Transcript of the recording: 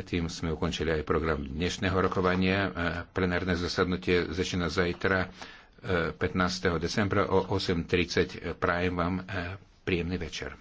Tým sme ukončili aj program dnešného rokovania. E, plenárne zasadnutie začína zajtra 15. E, decembra o 8.30. Prajem vám e, príjemný večer.